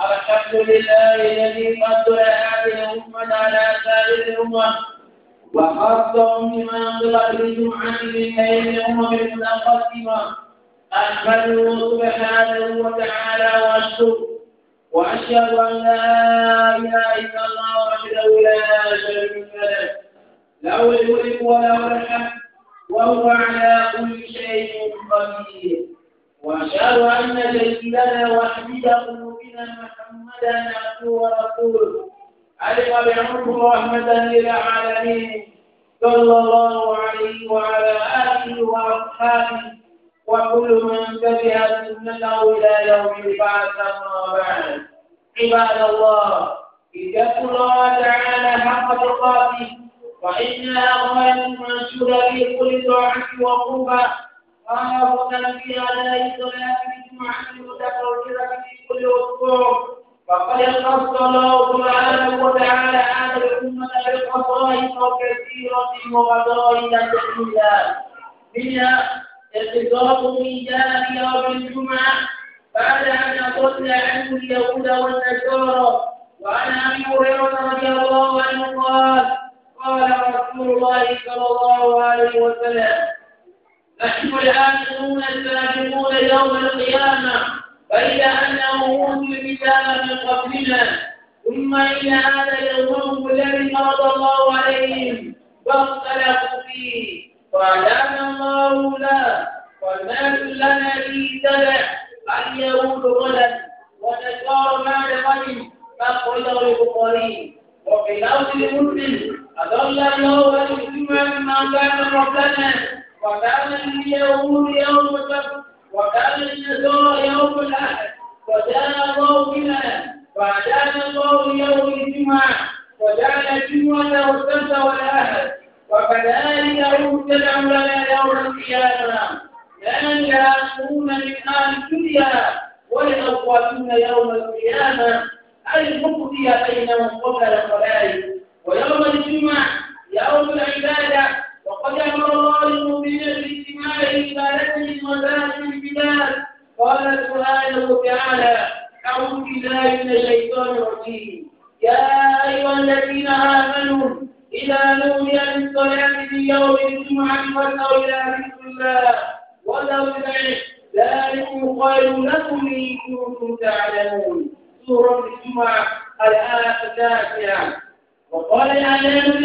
الحمد لله الذي قدر هذه الأمة على سائر الأمم وخاصهم بما أنزل في من خير الأمم المتقدمة أحمده سبحانه وتعالى وأشكره وأشهد أن لا إله إلا الله وحده لا شريك له له الملك وله الحمد وهو على كل شيء قدير وأشهد أن سيدنا وحبيب قلوبنا محمدا عبده ورسوله علق بعمره رحمة للعالمين صلى الله عليه وعلى آله وأصحابه وكل من تبع سنته إلى يوم البعث أما بعد عباد الله اتقوا الله تعالى حق تقاته وإن أغوان منشورة في كل طاعة وقربة قال أبو تنبيه على صلاة الجمعة المتفرقة في كل أسبوع وقد اختص الله سبحانه وتعالى هذه الأمة بالخصائص كثيرة وفضائل جميلة منها التزام ميزان يوم الجمعة بعد أن أقل عنه اليهود والنصارى وعن أبي هريرة رضي الله عنه قال قال رسول الله صلى الله عليه وسلم نحن الآمنون السابقون يوم القيامة فإذا أنهم أوتوا الكتاب من قبلنا ثم إن هذا يومهم الذي فرض الله عليهم فاختلفوا فيه فأعلم الله لا وما لنا في سبع اليهود غدا والنصارى بعد غد فاخرجه قريب وفي لفظ مسلم أضل الله الجمعة مما كان ربنا وكان اليهود يوم السبت وكان النصارى يوم الاحد وجاء الله بنا وأدان الله يوم الجمعة وجعل الجمعة والسبت والأحد وكذلك أرسل لنا يوم القيامة لأن يأتون من أهل الدنيا ويتوافون يوم القيامة أي مقضي بينهم قبل الخلائق ويوم الجمعة يوم العبادة وقد أمر الله المؤمنين باجتماع عبادتهم وذات البلاد قال سبحانه وتعالى أعوذ بالله من الشيطان الرجيم يا أيها الذين آمنوا إذا نودي للصلاة في يوم الجمعة فاسعوا إلى ذكر الله وذروا البيع ذلكم خير لكم إن كنتم تعلمون سورة الجمعة الآية التاسعة وقال بن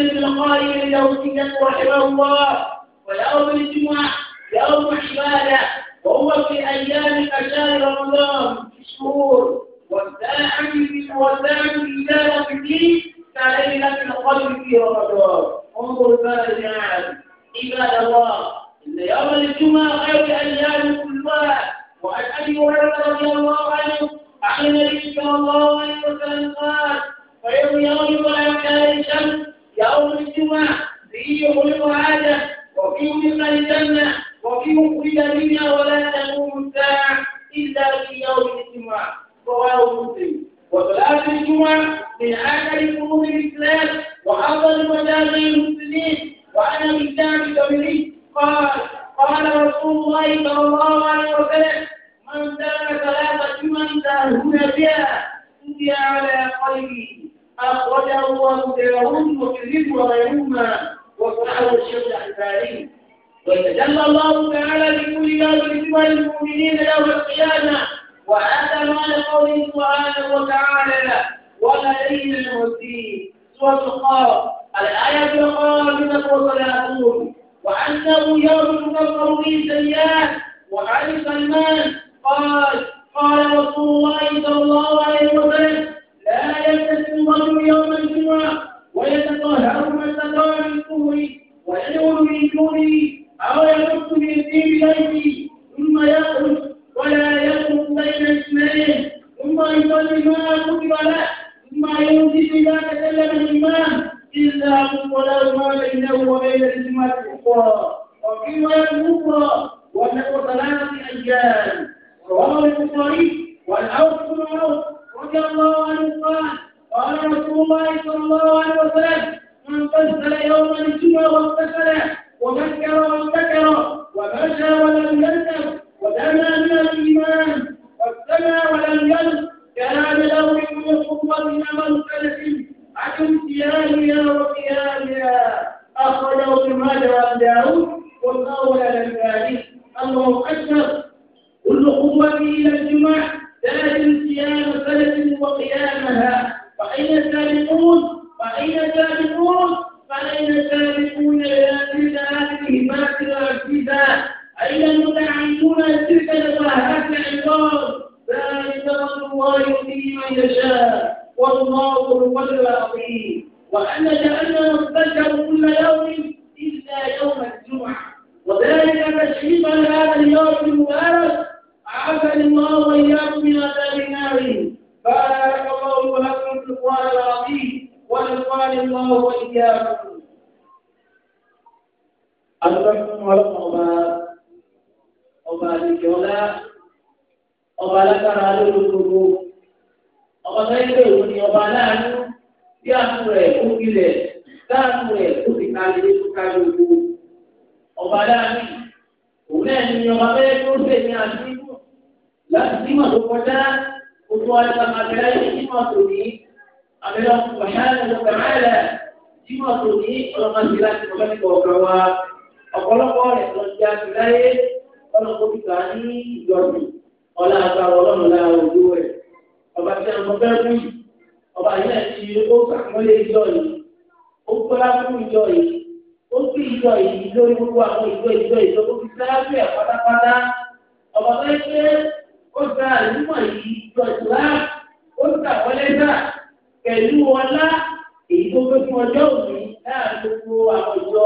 ابن القاري لدوسك رحمه الله ويوم الجمعة يوم عبادة وهو في أيام أشهر رمضان في شهور والساعة والساعة الإجابة فيه كليلة القدر في رمضان انظر ماذا جعل عباد الله إن يوم الجمعة خير أيام كلها وعن أبي هريرة رضي الله عنه عن النبي صلى الله عليه وسلم قال ويوم يغلب على كار الشمس يوم الجمعة فيه خلق آدم وفيه خلق الجنة وفيه أخرج منها ولا تقوم الساعة إلا في يوم الجمعة رواه مسلم وصلاة الجمعة من آخر فروض الإسلام وأفضل مجامع المسلمين وأنا من شعب قبلي قال قال رسول الله صلى الله عليه وسلم من ترك ثلاثة جمل هنا بها سجي على قلبه أخرجه أبو داود وكذب وغيرهما وصححه الشيخ الألباني وتجلى الله تعالى لكل باب سوى المؤمنين يوم القيامة وهذا ما قوله سبحانه وتعالى والذين المهدين سورة القاف الآية الخامسة وثلاثون وأنه يوم تكفر به سيئات وعن سلمان قال قال رسول الله صلى الله عليه وسلم لا يلتزم الرجل يوم الجمعة ويتطهر ما استطاع من الطهر من دونه أو يحط من في بيته ثم يخرج ولا يخرج بين اثنين ثم يصلي ما كتب له ثم ينزل إذا تكلم الإمام إلا الصلاة ما بينه وبين الجمعة الأخرى وفي رواية أخرى وأنه ثلاثة أيام رواه البخاري والأوس بن رضي الله عنه قال قال رسول الله صلى الله عليه وسلم من غسل يوم الجمعة واغتسل وذكر واذكر ومشى ولم láyé ọlọ́run kò kíkà ní ìjọsìn ọlá agbára ọlọ́run lára ojú rẹ̀ ọba tí a mọ fẹ́ fún yìí ọba yìí náà ti ó sàkúnlé ìjọ yìí ó gbọ́lá fún ìjọ yìí ó sì ìjọ yìí lórí gbogbo àwọn ìjọ ìjọ ìjọ tó fi sáájú ẹ̀ pátápátá ọba tó ń gbé ó gba àlùmọ̀ yìí ìjọ ìjọba ó sàkọ́lé náà pẹ̀lú ọlá èyí tó gbé fún ọjọ́ òní láàrin gbogbo àwọn ìjọ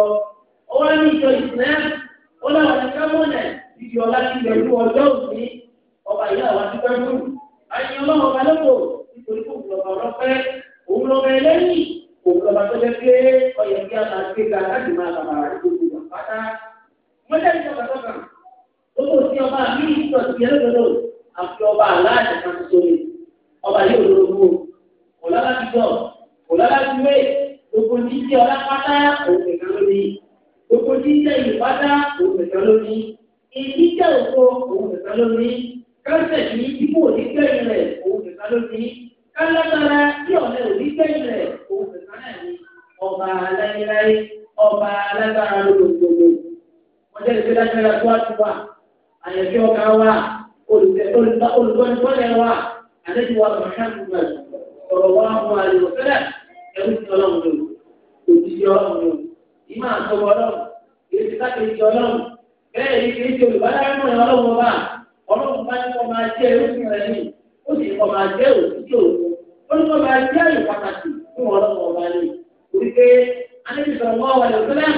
ọwọ́ ní ìjọ ìsìlẹ́mù ó láwọn ẹ̀ka mọ́nà ìdí ọ̀la ti yọjú ọjọ́ òní ọba ìyá àwọn adúgbò ẹ̀kú àyìn ọlọ́run ọba lọ́pọ̀ nítorí kò gbọ́dọ̀ ọba ọlọ́pẹ́ òun lọ́ba ẹlẹ́yìn òun lọ́ba tó jẹ́ pé ọyẹ kí a máa gbé ga láti máa bàbà àdúgbò ìgbà pátá mọ́tẹ́ ìjọba tọ́ka ó kò sí ọba mi ìtọ́ ti yẹ lọ́dọ̀dọ̀ àfi ọba aláàjẹ kan sórí ọba yóò lọ́wọ́ ọ̀làlá ti gbọ́ ọ̀làlá ti wé gbogbo ní ti ọlá pátá òun nìkan ló ní gbogbo jíjẹ ìbádá òun nìkan ló ní ìdíjẹ òkò òun nìkan ló ní kẹsẹ̀ ní ibú onígbẹ̀yìn rẹ̀ òun nìkan ló ní kálágbára tí ọ̀nà onígbẹ̀yìn rẹ̀ òun nìkan náà ní ọba aláìláì ọba alágbára lójoojúmọ́ wọ́n jẹ́ ìgbéra ìgbéra tó wá ti wà àyẹ̀fẹ́ ọ̀gá wa olùgbọ́nìkọ́lẹ̀ wa àlejò wa mọ̀ṣáàtúmọ̀ ọ̀rọ̀ wa mọ̀ àlè òṣèlè ẹ̀rú ti ọlọ́run lò ìmọ̀ àtọwọ́ ọlọ́run èsì káàkiri ti ọlọ́run bẹ́ẹ̀ ni kìí ṣe olùbádámọ̀ ọlọ́run ọba ọlọ́run bá ní kọ́ máa jẹ́ ẹrúfin rẹ ní ó sì kọ́ máa jẹ́ òtítọ́ òkú ó ní kọ́ máa jẹ́ àyè pàtàkì fún ọlọ́run ọba ní orí pé anábìsọ̀rọ̀ wọ́n wà lọ́sọ́lá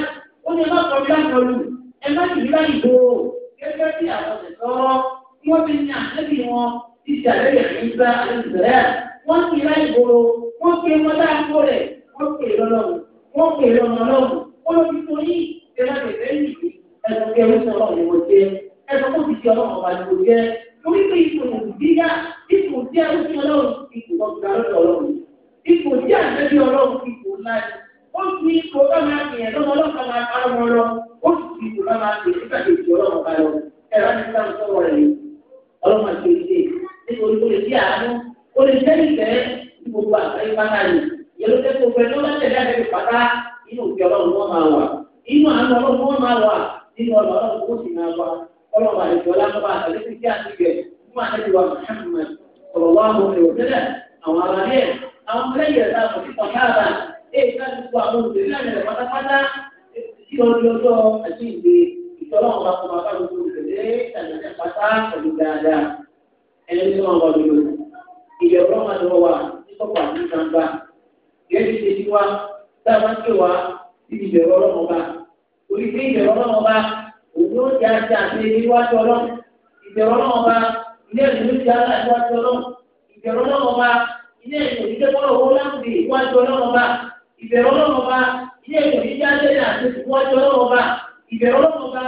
ìbẹ̀rù ọlọ́run bá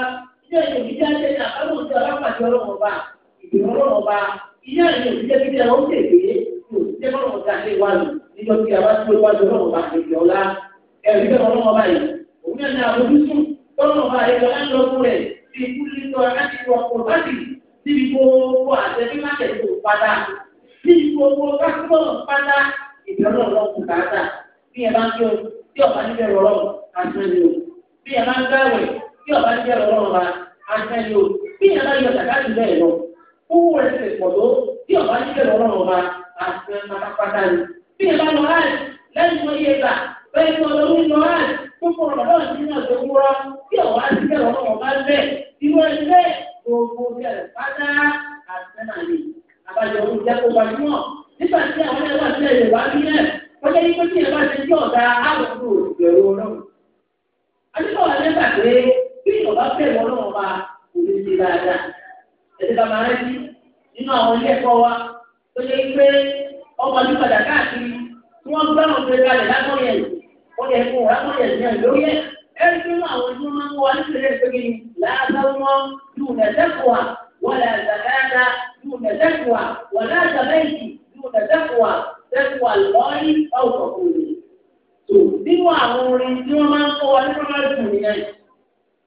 ilé ẹ̀yìn òbí jẹ́ ẹ̀jẹ̀ náà káwọn ti alápàdé ọlọ́run bá ìbẹ̀rù ọlọ́run bá ilé ẹ̀yìn òbí jẹ́ kíkẹ́ ọ̀hún tètè yóò jẹ́ ọlọ́run ká lè wà lù níjọ́ tí a bá tó iwájú ọlọ́run bá lè yọ̀ọ́lá ẹ̀rí bẹ́ẹ̀ ọlọ́run bá yìí òun náà ní àbójútó tọ́lọ́run bá yẹ lọ́lá lọ́kùn rẹ̀ ti kú lítọ́ láti bí ẹ bá ń jó tí àti ẹ̀rọ bí ẹ bá ń gbáwẹ̀ tí ọba jẹ́ ọlọ́run wa aṣáájú o bí ìyàrá yọ sàkáàtì bẹ́ẹ̀ lọ owó rẹ̀ ti pọ̀ tó tí ọba jẹ́ ọlọ́run wa aṣẹ pátápátá ni bí ìyàrá lọ láì lẹ́yìn tó yẹ gbà bẹ́ẹ̀ tó lọ ní lọ láì gbogbo ọ̀rọ̀ náà ti náà tó wúrọ́ tí ọba jẹ́ ọlọ́run wa bẹ́ẹ̀ irú ẹni bẹ́ẹ̀ gbogbo bẹ́ẹ̀ pátá aṣẹ náà ni àbájọ oúnjẹ kó gbajúmọ̀ nígbà tí àwọn ẹgbẹ́ àti ẹ̀yẹ̀ wá rí náà wọ́n jẹ́ ní pé tí ìyàrá ti jẹ́ ọ̀gá àbùkù ìgbẹ̀rù ọlọ́run. adébọ̀wá nígbà pé bí ìjọba bẹ̀rẹ̀ wọn náà wà kò lè ṣe dáadáa. Ẹ̀sìn bàbá rẹ̀ ti nínú àwọn ilé ẹ̀kọ́ wa tó yẹ pé ọmọ ní padà káàkiri tí wọ́n gbá wọn pé kalẹ̀ lápọ̀ yẹn wọ́n yẹ kó lápọ̀ yẹn yẹn lórí ẹ̀. Ẹ̀rí pé àwọn tí wọ́n máa ń wọ nípìnlẹ̀ ìpínlẹ̀ láàbáwọ́ yóò nẹ̀dẹ́kùwà wọlé àgbàdáadá yóò nẹ̀dẹ́kùwà wọlé àgbàdáyìí yóò nẹ̀dẹ́kùwà dẹ́kùwà lọ́ọ̀rì ọ̀gbọ̀n òní. Nínú àwọn orin tí wọ́n máa ń kọ́ wa ní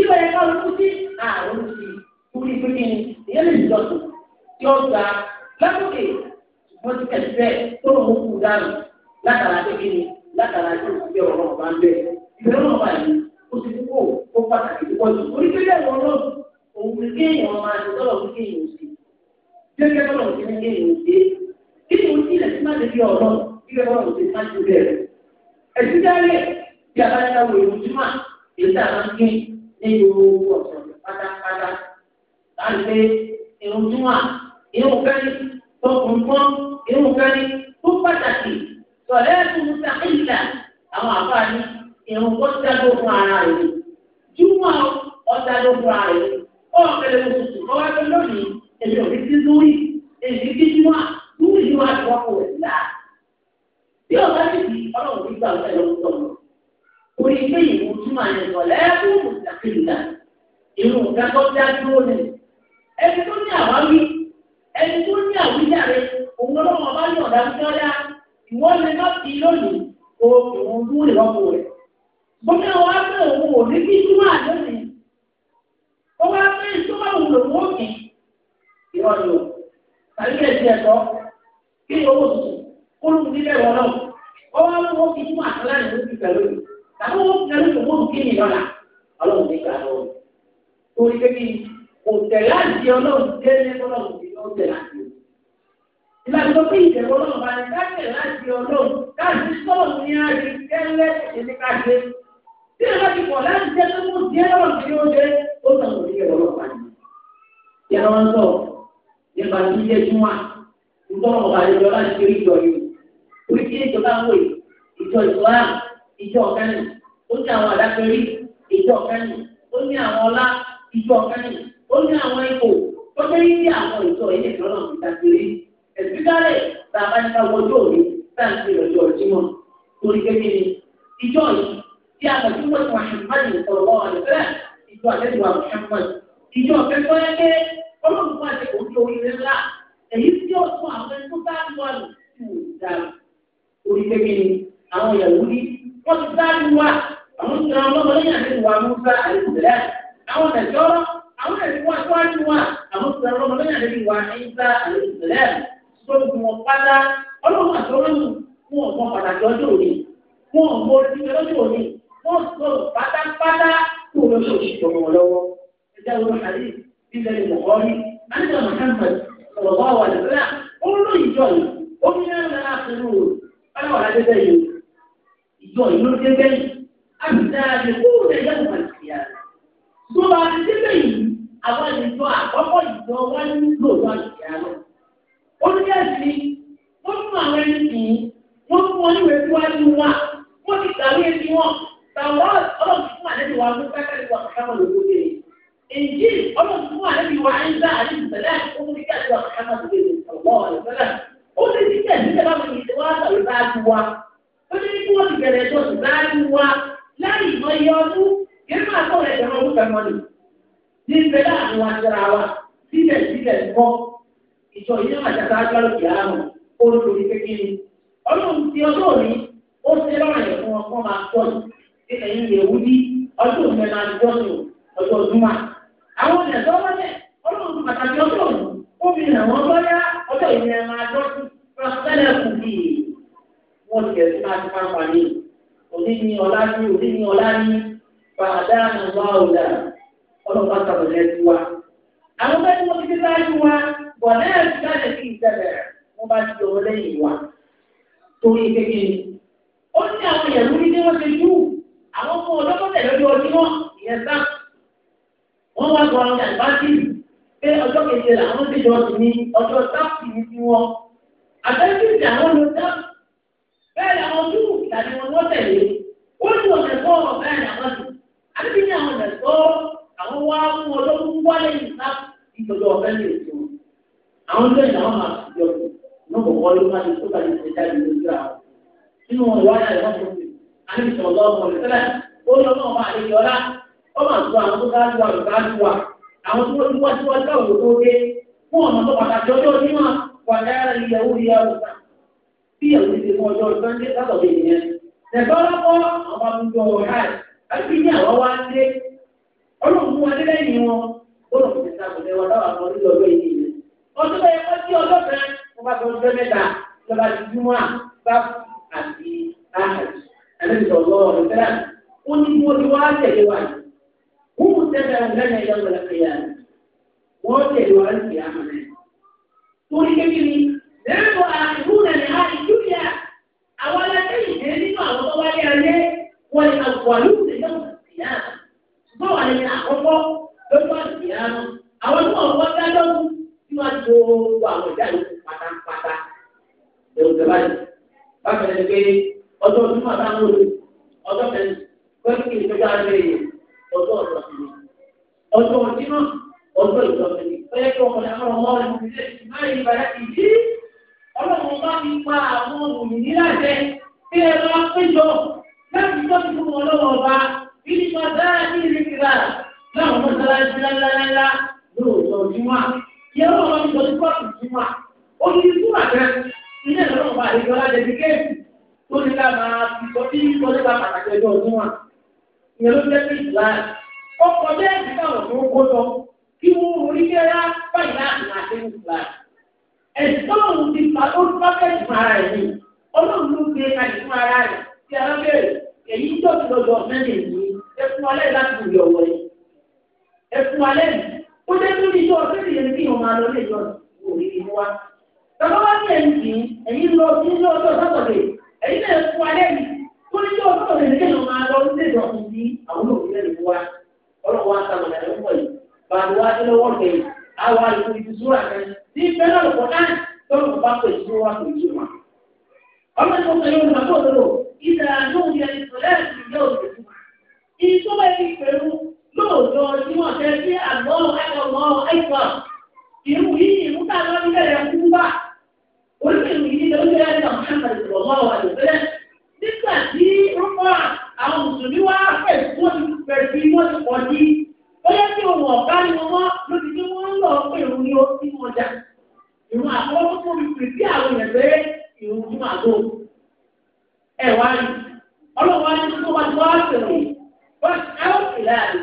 kí ló yẹ ká ló kú sí àrùn sí orí pínpín ìyẹn lè jọ tó tí ó gba lákòókè wọn ti tẹ̀sí bẹ́ẹ̀ tó lòun kú dànù látara kékeré ni látara tó ti bẹ ọ̀rọ̀ ọ̀bá ń bẹ̀ ìbẹ̀rẹ̀ ọ̀bá yìí ó ti kú kó pàtàkì púpọ̀ jù orí pínpín ẹ̀wọ̀n náà òun kì í kéèyàn máa ń tọ́lọ̀ kí kéèyàn sí gẹ́gẹ́ tọ́lọ̀ kí kéèyàn sí kí ni òun tilẹ̀ sí má lè fi ọ̀rọ̀ kí lè wọ́n ti má ti bẹ̀rẹ̀ ẹ̀sìn dáre bí abájáwò ìrùjúmọ̀ èyí tá a máa ń níbi gbogbo ọ̀sẹ̀ pátápátá. Láti irun túmọ̀, irun kẹ́lí tó kún fún irun kẹ́lí tó pàtàkì sọ̀rọ̀ ẹ̀sùn sàkíyà àwọn àfáàní irun kó dágbó fún ara rẹ̀. Túmọ̀ ọ̀dágbó fún ara rẹ̀. Ọ̀kẹ́lẹ̀ oṣooṣù kọ́ wá lónìí èmi ò ní sí lórí èmi kí túmọ̀ lórí ìwà ìwọ́pọ̀ rẹ̀ sílá. Bí orí ilé ìwò túmọ̀ àyẹ̀wò lẹ́kùn mùsàkìlà irun kakọ́ dá dúró ni ẹni tó ní àwáwí ẹni tó ní àwíjàre òun ọlọ́wọ́ bá ní ọ̀dà fúnlọ́dá ìwọ́n lè má fi lónìí o ìwọ̀n mú ìrọ́pò rẹ̀ bómi àwọn afẹ́ òun ò ní kí túmọ̀ àdóni ó wá fẹ́ ìtúmọ̀ òun lòun ó kì í ìrọ̀lù tàbí ẹ̀sìn ẹ̀tọ́ kí owó tuntun kó lóun nílẹ̀ wọ́n náà ó wá fún ó kì í túmọ̀ àtàlà ìlú ti pẹ̀lú tàbí wọn fi ẹni tó wọn kí ni lọ́la ọlọ́run ní gbà lọ́wọ́ torí pé kí kò tẹ̀lé àti ọlọ́run délé ọlọ́run ní lọ́wọ́ tẹ̀lé àti o. ìlànà tó fi ìjẹ̀bọ̀ ọlọ́run bá ní káàkiri láti ọlọ́run káàkiri sọ́ọ̀nù ní àti tẹ́lẹ̀ ìdílé káàkiri. tí ìlànà ti pọ̀ láti jẹ́ tó mú díẹ̀ lọ́rùn tí ó dé ó sàn kò ní ìjẹ̀bọ̀ ọlọ́run bá ní. ìyá wọn sọ nípa tí ìjọ kánì ó ní àwọn àdákẹ́rí ìjọ kánì ó ní àwọn ọlá ìjọ kánì ó ní àwọn ipò tó fẹ́ yí àwọn ìjọ yìí nìkan náà fi dàgbére ẹ̀sìnkálẹ̀ tàbá nípa wọjọ́ òní sáǹtì ọjọ́ ìjímọ̀ torí kékeré ìjọ yìí tí a kàn fún wọn Muhammad sọ̀rọ̀ àlùfẹ́ ìjọ àtẹ́tùwà Muhammad ìjọ kẹ́kọ́ yẹ́kẹ́ ọlọ́run wà ní òkè oríire ńlá èyí tí ó tún àwọn ẹni tó bá ń wà lù sí òun dára torí kékeré wọ́n ti sáré wa àwọn ìran ọlọ́mọ lẹ́yìn àti ìwà musa àlùbẹ̀rẹ̀ àwọn ìdájọ́rọ́ àwọn ìwà síwájú wa àwọn ìran ọlọ́mọ lẹ́yìn àti ìwà ìsá àlùbẹ̀rẹ̀ sọ́dọ̀ fún wọn pátá ọlọ́mọ àtọ́rọ́ nù fún ọ̀pọ̀ pàtàkì ọjọ́ òní fún ọ̀pọ̀ òṣìṣẹ́ lọ́jọ́ òní fún ọ̀pọ̀ pátápátá fún olóṣèlú ìjọba wọn lọ́wọ́ ẹ̀dá sọ ìlú débẹ̀ yìí àbíta àti kúrò rẹ̀ yẹ̀wò pàṣẹyà rẹ̀ tó bá ti débẹ̀ yìí àwọn ìjọ àkọ́kọ́ ìjọ wá ní lò wá lọ. ó ní ẹ̀sìn wọ́n mú àwọn ẹni sìn wọ́n mú wọn níwèé tí wọ́n á wọ́n ti kàwé ẹni wọn tàwọn ọlọ́run fún àlejò wa ló fẹ́ káàkiri wọn kàkà wọn lòdò èyí ọlọ́run fún àlejò wa ń dá àlejò tẹ̀lé àti kókó mọ́lẹ̀ tí ń bẹ láàrin wa jẹra wa síbẹ̀síbẹ̀ kọ́ ìjọ yìí náà jàdá agbára ìyá rẹ̀ ó ń lórí kékeré ọlọ́run ti ọjọ́ òní ó ṣe lọ́rọ̀ yẹn fún ọkọ máa tọ́ ní ilẹ̀ yìí lè wú ní ọjọ́ òní máa tọ́ ní ọjọ́ òdúnmá àwọn ènìyàn tó wọ́n lẹ̀ ọlọ́run pàtàkì ọjọ́ òní ó fi hàn wọ́n bọ́yá ọjọ́ ìní ẹ̀ máa fàdánù wàhùlà ọlọ́pàá sàbẹ̀ lẹ́tù wa. àwọn bẹ́ẹ̀ ni wọ́n ti sáájú àwọn ọjọ́ ìdáwọ́ máa ti jọ náà kò kọ́ máa ti tó kàdé ti jáde lójú àwọn. nínú ìwádìí àìsàn tó ti àti ìṣọ̀lọ́ ọkùnrin tẹ́lẹ̀ ó lọ náà máa lè yọlá ó máa tó àwọn tó àwọn tó àwọn tó tó ọdún bẹ́ẹ̀ kọ́ sí ọjọ́ kan wọ́n bá tọ́jú bẹ́ẹ̀ mẹ́ta lọ́ba ti dúmọ́ à bá àti àhàjì àlejò ọlọ́wọ́ rẹ̀ fẹ́ràn ó ní mo ní wàá tẹ̀lé wa yìí wọ́n mú tẹ́lẹ̀ lẹ́nu ẹ̀yọ́ wọlé kẹyà wọ́n tẹ̀lé wa ní ìyá mọ̀ náà torí kékeré lẹ́nu àìkú nàní àì júlíà àwọn alátẹ́yìn jẹ́ nínú àwọn tó wáyé ayé wọ́n ní àwòrán lóòótọ́ ìjọba ìyá ṣùgbọ́n wà ní àkọ́kọ́ lọ́jọ́ àti ìyá àwọn tó wà wọ́n dájọ́ fún tí wọ́n ti gbogbo àwọn ìjà yòókù pátápátá lẹ́wọ̀n tẹ́lá yìí. Bákan ní pé ọjọ́ tí màá dáná lò ọjọ́ kẹ́lí pẹ́ẹ́lí kìí fẹ́ dáa lé ọjọ́ ọ̀sán mi. Ọjọ́ ọtí náà ọjọ́ ìjọba mi. Ó yẹ kí ọmọ náà ọmọ rẹ̀ mú ilé ìmáyé ìbàdà ìdí. Ọlọ́run bá mi pa àwọn òmìnir láṣẹ kí ẹ lọ péjọ láti tọ́jú fún wọn lọ́wọ́ ọba bí nípa dáa ní ìrìnkìlá láwọn mọ́sálásí ńláńláńlá lóòótọ́ Júmọ́ ìyẹn lọ́wọ́ ní ìjọ ní kóòtù jùmọ̀ ó ní ní túmọ̀ rẹ ilé ìlú náà wà lẹ́yìn ọlá jẹbi kéèkì tó ní ká máa fi sọ bí ìjọ ní bá pàtàkì ẹjọ́ ọdún wa ìyẹn ló fẹ́ sí ìlà ọkọ̀ bẹ́ẹ̀ ti káwọn tó kó lọ kí wọ́n orí kẹ́rá báyìí láti máa dé ìlà ẹ̀sọ́run ti pa ó ti pápẹ́ ìfún ara rẹ̀ ni ọlọ́run ló gbé e kalẹ̀ fún ara rẹ̀ tí ara bẹ̀rẹ̀ èyí tó ti lọ́jọ́ mẹ́rin yìí ẹ fún alẹ́ láti wù yọ̀wọ̀ yìí ẹ fún alẹ́ yìí ó jẹ́ tó ní ìjọ ọ̀sẹ̀rì yẹn kí wọ́n máa lọ lé ìjọ òní ìlú wa. Bàbá wa ní ẹ̀yìn kì í, ẹ̀yìn lọ sí ilé ọjọ́ sátọ̀dẹ̀, ẹ̀yìn náà fún alẹ́ mi. Ó ní ìjọ sátọ̀dẹ̀ ní kéèyàn máa lọ sí ìjọ òní sí àwọn olóògbé ìlú wa. Ọlọ́run wa ta mọ̀nà ẹ̀rọ pọ̀ yìí. Bàbá wa ní lọ́wọ́ kẹ̀ àwa ìlú ibi súra kan ní bẹ́ẹ̀ lọ́pọ̀ náà tọ́lọ̀ bá pẹ̀ sí wa kò jù wá. Ọmọ pẹ̀lú lóòótọ́ tí wọ́n tẹ́ sí àgbọ̀ ẹ̀kọ́ ẹ̀kọ́ ìrù yìí ìrù tá a lọ níbẹ̀ rẹ̀ kú wá oníṣèlú yìí ló ń bẹ̀rẹ̀ náà Muhammad rọ̀mọ́ àlùfẹ́ nígbà tí rúmọ́ àwọn mùsùlùmí wá fẹ̀ wọ́n ti fẹ̀ bí wọ́n ti pọ̀ sí bóyá tí òun ọ̀gá ni wọ́n mọ́ ló ti wọ́n ń lọ pé òun ni ó ti wọ́n jà ìrùn àkọ́kọ́ tó fi pè sí àwọn èèyàn pé ìrùn tí màá tó ẹ̀ wá rí ọlọ́wọ́ á ní tó wá ti wá pè wọ́n wọ́n á ó pè láàrin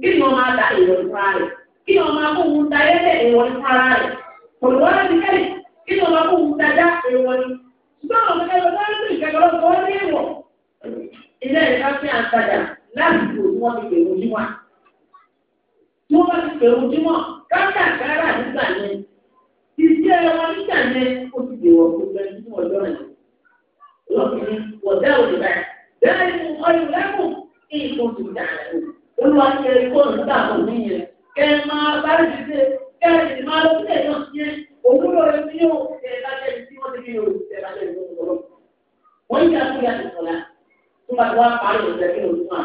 kí ni wọ́n máa dá ìwọ rẹ̀ kí ni wọ́n máa kó òun da ẹlẹ́tẹ̀ ìwọ ọrụ rẹ̀ kò lọ́wọ́ láti kẹ́lẹ̀ kí ni wọ́n máa kó òun da tí wọ́n bá ti pè káńtà nígbà yẹn nígbà yẹn ó ti ọjọ́ rẹ̀ lọ́kùnrin òdìbà bẹ́ẹ̀ ni ọ̀yọ̀ lẹ́kùn olúwa ń ṣe fóònù tá a kò ní yẹn kẹ ẹ máa bá rí ti dé kẹ ẹ sì máa lọ sílẹ̀ náà yẹn òwúrọ̀ rẹ ní yóò ṣe lájẹ́ tí wọ́n ti fi yóò ṣe lájẹ́ ìlú ọ̀rọ̀ wọ́n yí àti ìyá ìsọ̀lá tó bá ti wá parí ọ̀sẹ̀ kí ló tún à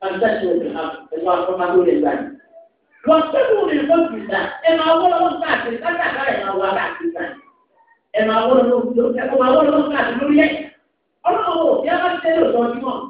fantasy of the house ẹ̀rọ afọ́nmádó lè gbà yìí. wọ́n tẹ́lẹ̀ wọn lè fọ́ ẹ máa wọ́n lọ́wọ́ káàkiri káàkiri ẹ máa wọ́n lọ́wọ́ káàkiri lórí ẹ̀ ọlọ́wọ́ bí a bá ti tẹ́lẹ̀ ọ̀sán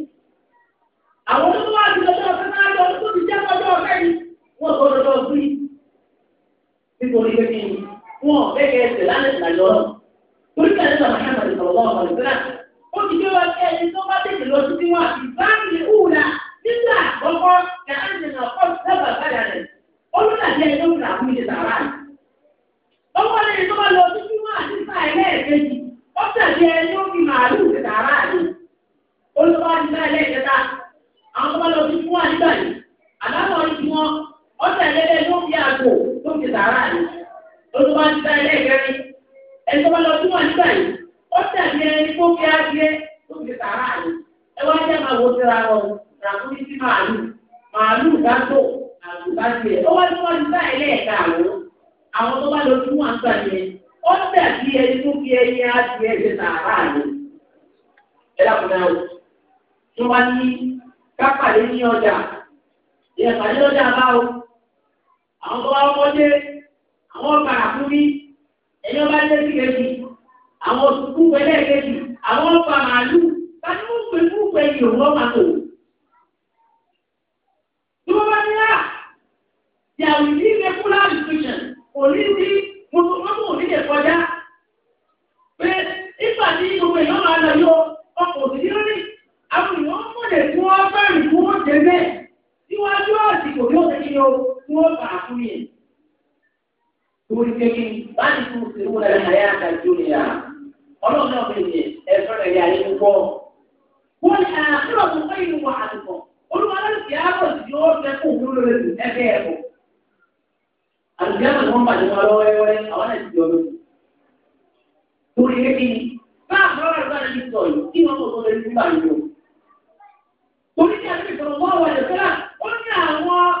àwọn tó wá di lọ́jọ́ ọ̀sẹ̀ náà lọ tó ti jẹ́ lọ́jọ́ ọ̀sẹ̀ yìí wọ́n sọ lọ́jọ́ ọ̀sẹ̀ yìí nítorí pé kí wọ́n bẹ́ẹ̀ ẹsẹ̀ lánàá ìlàjọ́ torí pé ẹ̀sẹ̀ Muhammad sọ̀rọ̀ ọ̀rọ̀ ìgbéra ó ti gbé wa kí ẹni tó bá tètè lọ sí wọn àti báńkì ìhùnà nígbà àkọ́kọ́ kí á ń sábà báyà rẹ̀ olùdàjẹ́ ẹni tó ń rà fún ìṣe tààrà ọwọ́ ẹni tó bá lọ sí wọn àti báyà ẹlẹ́ẹ̀kejì ó tàbí ẹni tó fi màálù ìṣe tààrà rẹ̀ olùdàjẹ́ ẹlẹ́ẹ̀kẹta àwọn tó bá lọ sí fún wa nígbà yìí àdámọ̀ ọdún tí wọ́n ọ̀sẹ̀ ẹlẹ́dẹ̀ ló fi àgbò tó fi sàárà yìí lọ́dún bá ti dá ẹlẹ́gẹ̀rin ẹ̀ tó bá lọ sí wa nígbà yìí ọ̀sẹ̀ ẹlẹ́ni tó fi àgbẹ̀ tó fi sàárà yìí ẹ wá jẹ́ màá wo síra lọ ràkúrí sí màálù màálù dáńtò màálù bá tiẹ̀ ó wá tí wọ́n ti dá ẹlẹ́ẹ̀ka àwọn àwọn tó bá lọ sí wa nígbà yẹn ọ̀sẹ̀ àti ẹni tó fi ẹyẹ àti ẹ̀ ṣe sàárà yìí ẹ dàkúndáwò tó wá ní kápàdé ní ọjà ìyẹn pàdé lọ́jà bá àwọn tó wá wọlé àwọn fún mi ọba jẹ́ àwọn òkú pẹ̀lẹ́ kẹ́jì àwọn ọba màálù láti mú pẹ̀lú tí wọ́n bá ní rà àwọn ìdí regular restriction kò ní sí mọ́tò mọ́tò òní lè kọjá pé gbogbo o tí wọ́n bá fún mi. Torí kékeré báyìí tó ti wúlò ẹ̀ ayé àtàjò ní àkúrò tó fẹ́ yín wà ó fẹ́ àwọn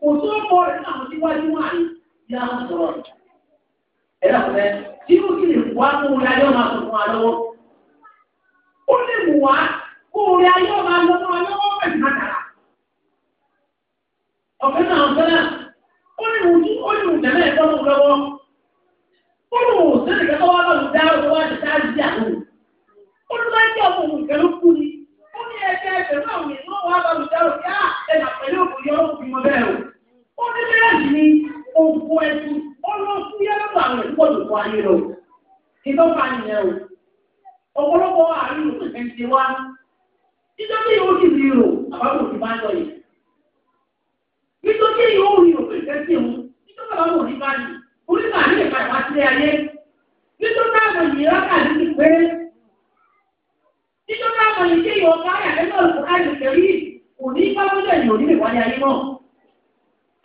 kò tó ọkọ rẹ̀ náà ti wájú wáyé yá ń sọ̀rọ̀. ẹ dàpẹ́ tí mo kì í wá mú orí ayé ọmọ àtọ̀tún wa lọ́wọ́. ó lè mú wá kó orí ayé lọ́wọ́ náà ń ó lè mú ó lè mú mú lọ́wọ́. ó lè mú bẹ́ẹ̀ ah, pẹ̀lú àwọn èèyàn wọn wá lọ́dún dárò bí á ẹ̀nà pẹ̀lú òkú yọ ọ́ bímọ bẹ́ẹ̀ o. ó ní méjèèjì ni ogun ẹtù ó lọ fún yẹ́lẹ́bù àwọn ìlú pọ̀jù fún ayé lọ. ìtọ́fà nìyẹn o ọ̀pọ̀lọpọ̀ àárín òkú ẹ̀ ń ṣe wá. nítorí yóò sì rí mọ iṣẹ́ ìwọ káyà nínú olùkọ́ni kẹrí kò ní bá gbọ́dọ̀ ìmọ̀ nílé wáyé ayé mọ́.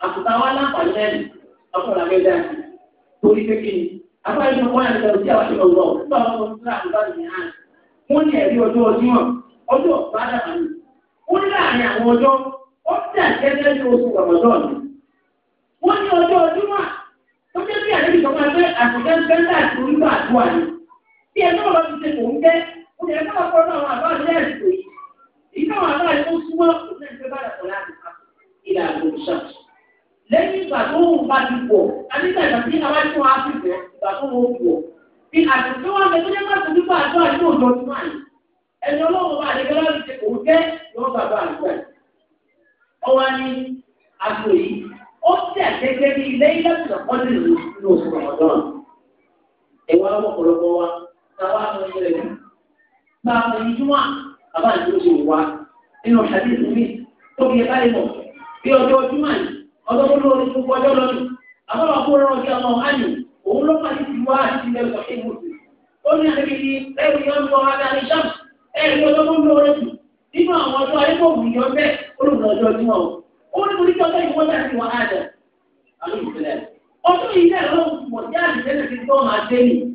àkùtà wa láǹfààní lẹ́nu ọkọ̀ làbẹ́ dá torí pé kí ni afárí tó wọ́n yàtọ̀ sí àwọn ìṣòro lọ nígbà wọn kò sí àbúrò àti ìhàn. wọ́n ní ẹ̀rí ọjọ́ ọdún ọjọ́ ọ̀pá dàgbà ni. ó ní láàárín àwọn ọjọ́ ó ti àtẹ́gẹ́ ní oṣù ramadan. wọ́n ní ọjọ́ ọdún wà tó jẹ́ bí àlejò kan máa fẹ́ àtẹ̀gẹ́ bẹ́ńdà àti orí yẹ káwọn kọ́ náà wà báyìí lẹ́sìn ìkáwọn aláàyè tó súnmọ́ ọ̀sẹ̀ ìjọba àdàpọ̀ láti ká ìlà àgbòrò ṣáàtì lẹ́yìn ìgbà tó ń bá ti a wá ní wọn á sì bẹ̀ ìgbà tó ń pọ̀ bí àtúntò wọn bẹ tó jẹ́ pàtó nípa àjọ àjọ òjò tó máa gba ìjúmọ́ àbá ìdúró wa nínú ṣàdéhùn mi tó fi ẹ̀ka ìmọ̀ bí ọjọ́ yìí ọjọ́ tó lórí gbogbo ọjọ́ lọ́dún àbọ̀wọ̀ kó rọrùn sí ọmọ ayò òun ló pàdé ti wá àti ilẹ̀ ó ní yọ ọjọ́ tó ń nínú àwọn ọjọ́ yọ bẹ́ẹ̀ olùdó ọjọ́ ó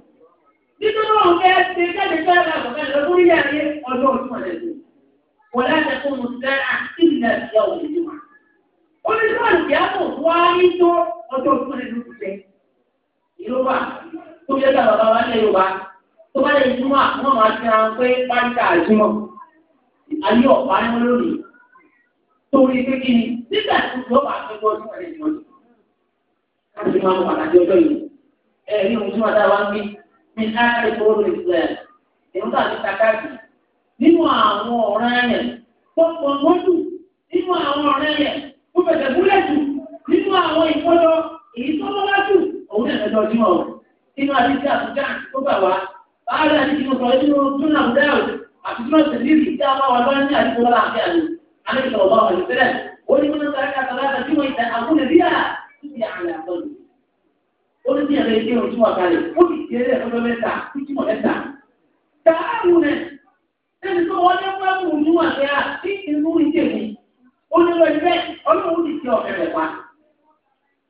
nítorí wọn fẹ́ ṣe jáde sára àgbàkan lọ lórí ayé ọjọ́ òtún ọ̀lẹ́ lò wọ́n láti fún un sára sí ìlà ìyá òun ìlú wa. ó ní sọ́ọ̀ ní ìyàtọ̀ wá ní tó ọjọ́ òtún ọ̀lẹ́ ló ti jẹ. ìlúwà tó yẹ ká bàbá wa ní Yorùbá tó bá lè ní wà wọ́n máa ti hàn pé pàǹtà àjùmọ̀ ayé ọ̀pá ni wọ́n lónìí. torí pé kí ni nígbà tí wọ́n bá fi gbọ́ ọdún ọ̀lẹ́ ìmọ̀lẹ́ من آخر قول الإسلام èyí náà ti takasi nínú àwọn ọ̀ràn yẹn tó pọ̀ mọ́tò nínú àwọn ọ̀ràn yẹn tó fẹsẹ̀ múlẹ̀ jù nínú àwọn ìfọdọ̀ èyí tó lọ́wọ́ jù òun náà lọ́jọ́ jímọ̀ o nínú àdìsí àbújá tó gbà wá báyìí àdìsí mo sọ̀rọ̀ nínú tún àbújá o àti tún ọ̀sẹ̀ níbi tí a máa wà lọ́wọ́ ní àdìsí wọn láàfin àná àlejò ọ̀bá ọ̀rẹ́ fẹ́rẹ̀ ó ní wọn ń sáré kàtàkàtà tí wọ́n ìtàn ó ní ìyàrá ilé ìrìn ìtumọ̀ kalẹ̀ ó sì ti eré ẹ̀fọ́ mẹ́ta ìtumọ̀ mẹ́ta. Tààrù rẹ̀ ẹni tó wọlé fúlámù ní wà pé à sí inú ìdè mi ó ní lọ ibẹ̀ ọlọ́run ti ti ọ̀fẹ́ rẹ̀ pa.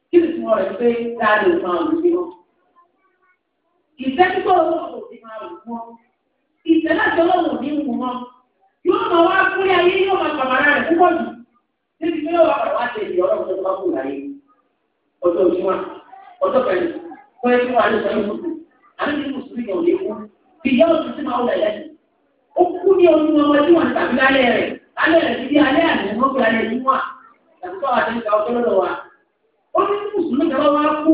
Kí ni ìtumọ̀ rẹ̀ pé dáadé máa wù sí wọn? Ìtẹ́jú tó lọ́wọ́ kò sí máa wù wọn. Ìtẹ́lájọ́ lọ́wọ́ ní wù wọn. Yóò máa wá fúlé ayé yóò máa pàmàrà rẹ̀ púpọ̀ jù. Níbi yóò wá pàmò àti ìdí ọlọ́run tó bá kù láyé. Ọjọ́ òṣùwọ̀n ọjọ́ kẹrin fún ẹni wà ní sọyún mùsùlùmí àmì ní mùsùlùmí kan ò lè kú bí yá òtún sí máa wọ ẹ̀yà ni ó kú ní ọdún ọmọ tí wọn tàbí lálẹ́ rẹ̀ alẹ́ rẹ̀ ti di alẹ́ àná wọn fi alẹ́ yìí wà tàbí káwọn àti nǹkan ọjọ́ lọ́dọ̀ wa ó ní mùsùlùmí kan wá kú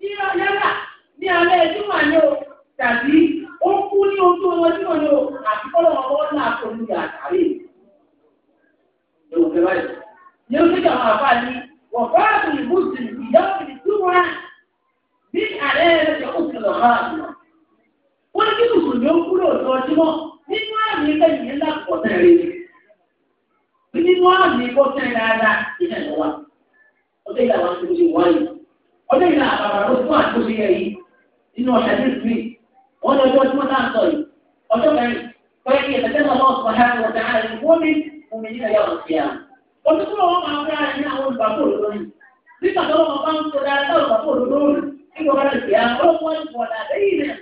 ní yálà ní alẹ́ tí wọn ní o tàbí ó kú ní ojú ọmọ tí wọn ní o àti kọ́lọ́ ọmọ náà kọ́ ní àtàrí ìlú kẹfà yìí ní oṣù kẹfà àfáà ní wọ́n fẹ́ràn ìbùsùn ìdáwọ̀ ìdúrà ní àárẹ̀ ẹ̀rọ òkèlè ọ̀hánà. wọ́n ní kí mùsùlùmí ó kúrò lọ́jọ́ nínú àmì ìgbẹ̀yìn ńlá pọ̀ náà nínú àmì ìkọ́sẹ̀ dáadáa ìdá wa ọdẹ ìlà wa ti ń wáyé ọdẹ ìlà àbàbà fún àtúnṣe yẹ yìí nínú ọ̀sẹ̀ ní ìsìn wọn ní ọjọ́ tí wọ́n náà sọ yìí ọjọ́ mẹ́rin pẹ̀lú ìyẹ̀tẹ̀tẹ̀ náà lọ́wọ́ sọ̀rọ̀ nínú ọ̀rọ̀ ìgbà ọlọ́wọ́ ìfọ̀dà lẹ́yìn rẹ̀.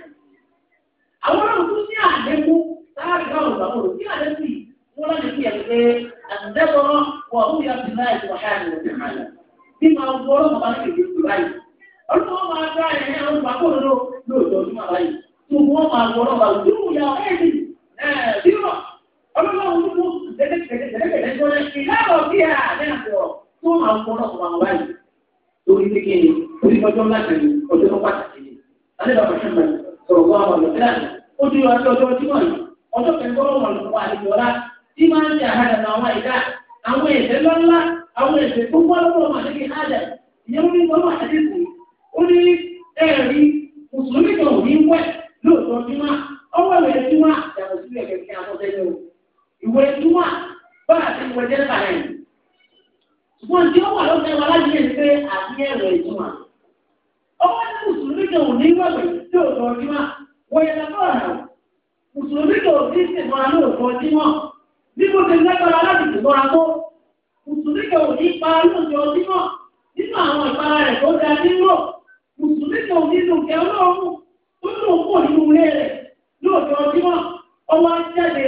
Àwọn ọ̀rọ̀ tó ní àdékù láàrin báwọn ìgbàgbọ́ rẹ̀ ní àdékù yìí wọ́n láti fi ẹ̀sùn pé àtúndẹ́kọ̀ wọ̀ ọ́n yà fi láì wọ̀ ṣáà ní ọ̀sẹ̀ máa lọ. Bí máa wọ ọlọ́wọ́ bá ti dìbò láyìí. Ọlọ́wọ́ máa gbá ẹ̀ ní àwọn ìgbàgbọ́ rẹ̀ lóòótọ́ ọdún máa láyìí. Tó wọ́n máa wọ ọlọ́wọ́ àdúgbò yà ọ́ ẹ̀dì lórí pé kí ni orí ọjọ́ láti rí ọjọ́ tó pàtàkì ni alẹ́ bàbá sọ́mọ̀ sọ̀rọ̀ wọ́n àwọn ọ̀dọ́ láti ó ti lọ sí ọjọ́ yìí ọjọ́ wà tí máa ń àhàdà ìdá àwọn àwọn tó lọ́wọ́ àdà ìyẹn ní wà ó ní ẹ̀rí mùsùlùmí kan ò ní wẹ̀ lóòótọ́ ṣùgbọ́n tí ó wà lọ́sẹ̀ wa láti lè pé àti ẹ̀rọ ìtumà. ọmọ ní mùsùlùmí kan ò ní wẹ̀wẹ̀ tí ò tọ́ jímọ̀ wọ̀nyẹ̀ lọ́kọ̀ rẹ̀ mùsùlùmí kan ò sí ìsìnkú ní òtọ́ jímọ̀ bí mo ti lẹ́gbẹ̀rẹ̀ láti tìbọ̀ ra tó mùsùlùmí kan ò ní pa lóòjọ́ jímọ̀ nínú àwọn ìpara rẹ̀ tó da nílò mùsùlùmí kan ò ní lò kẹ́ ọlọ́run tó lòun kò nínú ilé rẹ̀ lóòjọ́ jímọ̀ ọwọ́ jáde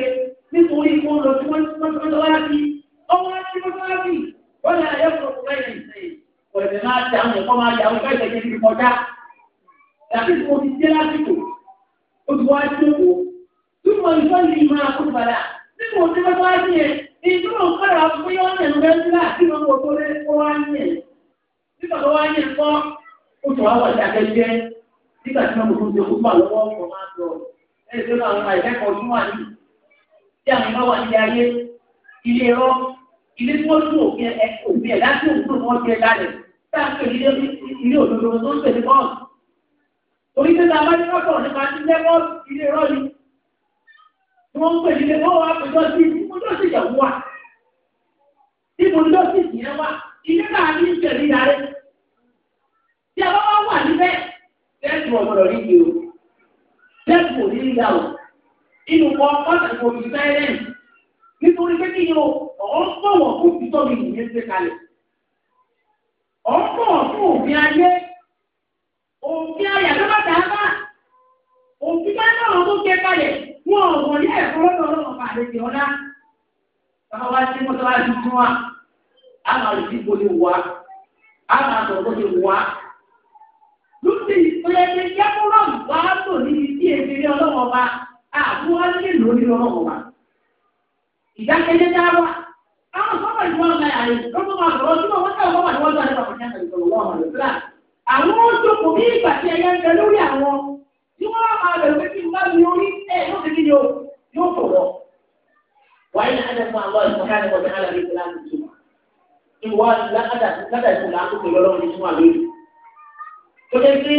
nítorí kó lọ sí mọ́tò wọ́n lè ayé fún ọkùnrin lẹ́yìn ìsìn òṣèlú máa ti àwọn ẹ̀kọ́ máa yà àwọn ẹ̀kọ́ ìṣẹ̀jẹ̀ ti kọjá tàbí mo ti dé lásìkò O ti wá sí òkú tí mo ní sọ́ọ́ yìí máa kó padà tí mo ti fẹ́ wá sí ẹ̀ ìlú ò kọ́ra fún yọ́ ọ̀nà ẹ̀rọ bẹ́ńsílà tí mo kò tó lé kó wá ní ẹ̀ nígbà tó wá ní ẹ̀ kọ́ ó tún wá wà sí akẹ́kẹ́ nígbà tí mo kò tó kó pa lọ́wọ́ ọ̀pọ̀ máa sọ ẹ̀ ṣé ilé ẹ̀rọ ilé tí wọ́n tún òfin ẹ̀ òfin ẹ̀ láti òfin òfin wọn jẹ lálẹ́ tá a pè ilé ilé òdodo tó ń tẹ̀lé bọ́ọ̀lù. torí pé ta bá ní kọ́kọ́ nípa ti jẹ́ bọ́ọ̀lù ilé rọ́ọ̀lù tí wọ́n ń pè ilé bọ́ọ̀lù àpèjọ sí ìmúdó sì yẹ̀ wá ìmúdó sì yẹ̀ wá ilé náà ní ìtẹ̀lé yàrá tí a bá wá wà níbẹ̀ lẹ́sùn ọ̀gbọ̀dọ̀ níbi o lẹ́sùn òní ìyá o inú kọ́ ọ̀sẹ̀ kò ní sáyẹ́ǹsì nítorí pé kí ni o ọ̀pọ̀ wọn kò fi tọ́ mi nìyẹn ṣe kalẹ̀ ọ̀pọ̀ fún òfin ayé òfin ayé àtọ́bàtà bá òfin bá náà tó ṣe kalẹ̀ wọn ò wọ̀ ní ẹ̀kọ́ lọ́dọ̀ ọlọ́run bá lè ṣe ọ̀dá bàbá wa ṣe mọ́tò wa ti tún wa a máa lè fi gbòde wá a máa sọ̀rọ̀ gbòde wá lùtì ìpínlẹ̀ yẹ́kúrọ̀ wá lò níbi tí èdè ní ọlọ́run ọba àbúrò á lè lò ní ọlọ́run ìdákẹ́jẹ́ tá a wà káwọn sọ́kọ̀ ìlú ọ̀la àyè lọ́kọ̀ máa bọ̀ ọdún náà wọ́n tẹ̀ wọ́n wà ní wọ́n tó àdébà kọjá àgbà ìgbà wọ́n àwọn ìgbà àwọn oṣù kò ní ìgbà tí ẹyẹ ń bẹ lórí àwọn tí wọ́n wá máa bẹ̀rù pé kí n bá mi orí ẹ̀ yóò fi kíni o yóò fò lọ. wàá yẹn adé fún àwọn ìfọ̀ká ni wọ́n ti hàn lórí ìfúnná ti tuma ìwọ ládà ìfúnná tó pè lọ́wọ́ ní tuma lórí. tó dé pé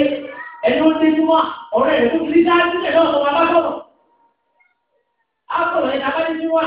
ẹni ó dé tuma ọ̀rẹ́ rẹ̀ tó fi dá sílẹ̀ lọ́wọ́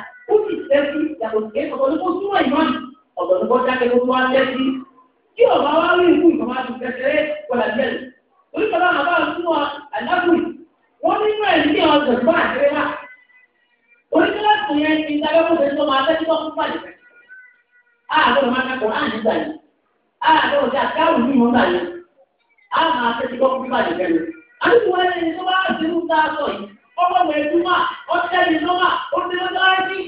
ó sì tẹ́sí yàtọ̀ sí ọ̀dọ̀ tó súnmọ́ ìmọ̀ ọ̀dọ̀ tó kọjá kẹ́kẹ́ tó wá tẹ́sí tí ọ̀bá wá rí ikú ìjọba ti tẹ̀sẹ̀rẹ́ kọlà jẹ́lì torí kọlá àbá súnmọ́ àlágùn wọ́n nínú ẹ̀ ní ọ̀dọ̀ tó àtẹ́rẹ́ wà oníkẹ́lá tó yẹn ti dábẹ́ fún ẹni tó máa tẹ́sí tó fún pàdé àgbọ̀dọ̀ máa kẹ́kọ̀ọ́ láàrin ìgbà yìí àgbọ̀dọ̀ ti àkáwù ní ìmọ̀ gbà yẹn á máa tẹ́sí tó fún pàdé bẹ́ẹ̀ ọmọlẹ̀ ìdúmà ọ̀tẹ́ ìdúmà ọ̀tẹ́ lọ́dọ́rẹ́bí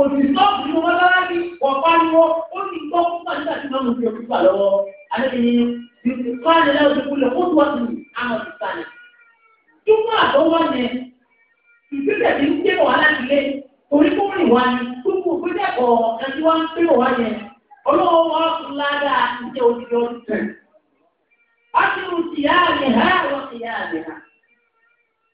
òṣìṣọ́ ìlú lọ́dọ́rẹ́bí ọ̀pá ni wọ́n ó sì gbọ́ púpà nígbà tí wọ́n mú fi òkú gbà lọ́wọ́ alẹ́bìnrin ìfúnni lẹ́wọ̀n tó kúlẹ̀ ó tó wọ́n ti àwọn ìsàlẹ̀. túmọ̀ àtọwọ́ yẹn ìgbésẹ̀ tí ń gbé wà láti lé torí kó rìn wá ní túmọ̀ ìgbésẹ̀ kọ̀ọ̀kan tí wọ́n ń gbé wà yẹn ọlọ́wọ́ wọn tún ládàá iṣẹ́ òṣìṣẹ́ òṣìṣẹ́. wọ́n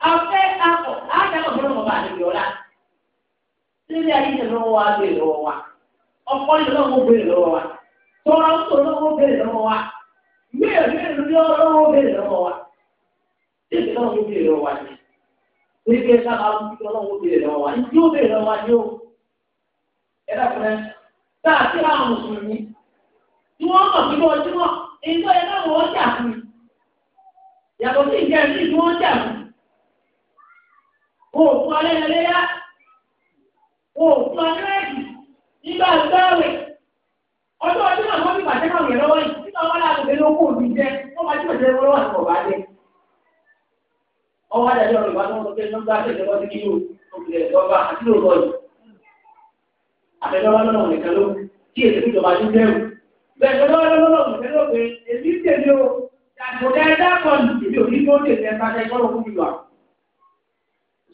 afẹ́ akọ̀ ádámọ̀ fún ọmọ bàálù yọ̀ la ayé ìṣẹ̀lẹ̀ lọ́wọ́ wa béèrè lọ́wọ́ wa ọkọ ìṣẹ̀lẹ̀ lọ́wọ́ béèrè lọ́wọ́ wa tọ́lá ń lọ́wọ́ lọ́wọ́ wa lọ́wọ́ lọ́wọ́ wa lọ́wọ́ lọ́wọ́ wa sábà ń lọ́wọ́ lọ́wọ́ wa lọ́wọ́ wa ni ó kò alẹ́ lẹ́yà kò fún alẹ́ ẹ̀dì nígbà gbẹ́wẹ̀ ọjọ́ ọdún náà wọ́n fi pàṣẹ káwọn yẹn lọ́wọ́ yìí nígbà wọn láti gbé lóko òbí jẹ wọ́n máa tún ìṣẹ́wọ́n lọ́wọ́ àti bọ̀bá jẹ. ọwọ́ adájọ́ rẹ̀ wá tó ń lọ pé nọ́mbà tẹ̀lé wọ́n ti kí yóò tó fi lọ́ba àti lóòótọ́ yìí. àtẹ̀lọ́wọ́ lọ́wọ́ nìkan ló kí èsì ìjọba ní bẹ́ẹ̀ bẹ́ẹ̀ lọ́wọ́ lọ́wọ́ nìkan ló pé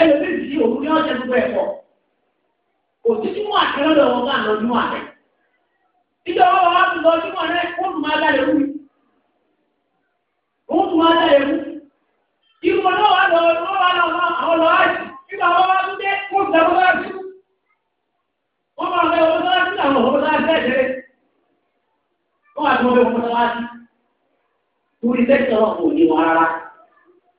ẹlòmíì sì òun ní ọ̀sẹ̀ gbogbo ẹ̀kọ́ òtítí mú àtẹrẹ lọ wọn bá lọ níwọ̀n ìjọ wọn wá ti máa máa ìwọ náà wà lọ wà lọ àwọn lọ àjì wọn tún dé wọn tún àwọn wọn wọn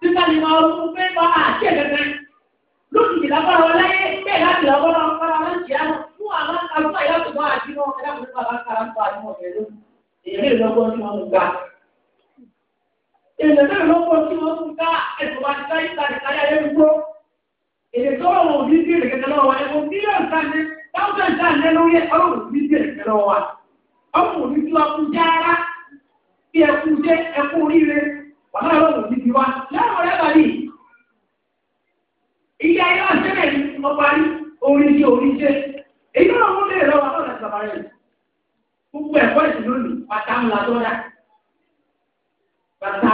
títà ní ma ọdún pé ma àti ẹ̀gẹ̀gẹ̀ lókìkì lágbára wọn láyé bẹ́ẹ̀ láti lọ bọ́lá wọn bọ́lá wọn jì á fún àwọn wọn ẹ̀dá kára wọn bẹ̀rẹ̀ èyí lè lọ́gbọ́n tí wọ́n ń gbà. èyí lè lọ́gbọ́n tí wọ́n gbà ẹ̀sùn ti ká yíta ní káyà yẹn gbó. èyí tó ní bí wàhálà ọlọ́run ti fi wá lẹ́nu rẹ̀ bàlí. Ilé ayé wa ṣẹlẹ̀ ní ọparí oríṣi oríṣi. Èyí náà wọ́n lè lọ́wọ́ ọlọ́run àti bàbá rẹ̀. Gbogbo ẹ̀kọ́ ìsìn lónìí, bàtà ńlá lọ́dà. Bàtà.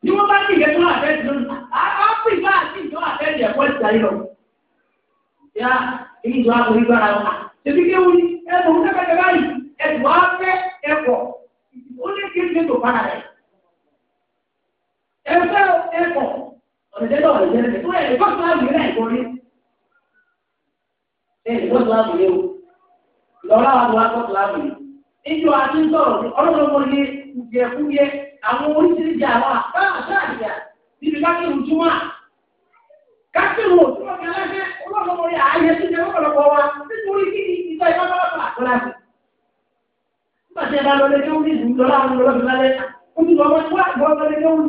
Tí wọ́n bá ní ìyẹ́tọ́ àtẹ́jì lónìí, àwọn pìpá àti ìjọ àtẹ́jì ẹ̀kọ́ ìsìn ayé lọ. Yá èyí ìjọ àwọn onígbára wọn. Ṣèbí kéwu ni ẹ̀sùn kẹ́kẹ́ báyìí ẹ̀sùn wá fẹ́ ẹ̀kọ́. Ó ní kí n ṣètò padà rẹ̀ ẹgbẹ́ ẹ̀kọ́ ọ̀dẹ̀dẹ̀ náà ọ̀dẹ̀dẹ̀ rẹ̀ fún ẹ̀ ẹ̀kọ́ sọ àmì rẹ̀ ìkórí. ẹ̀ ẹ̀kọ́ sọ àmì rẹ̀ o lọ́la wa ló wá kọ́ sọ àmì rẹ̀. ìjọ àti sọ̀rọ̀ ọlọ́mọ ní kùjẹ̀kùjẹ àwọn oríṣiríṣi àwọn àbá àṣà àṣà níbi káfíń ojúmọ́ káfíń ojúmọ́ kẹlẹ́fẹ́ ọlọ́mọ ní ààyè síbi ọlọ́pọ̀ wa nítorí kí ìjọ ìbámọ́lọ́pọ̀ àkọlá Nígbà tí ẹ bá lọ lé kéwú ní ìdúró lọ́la àwọn olùlọ́bí lálẹ́, ó ti lọ wọ́n wá ìgbọ́ lọ lé kéwú ní.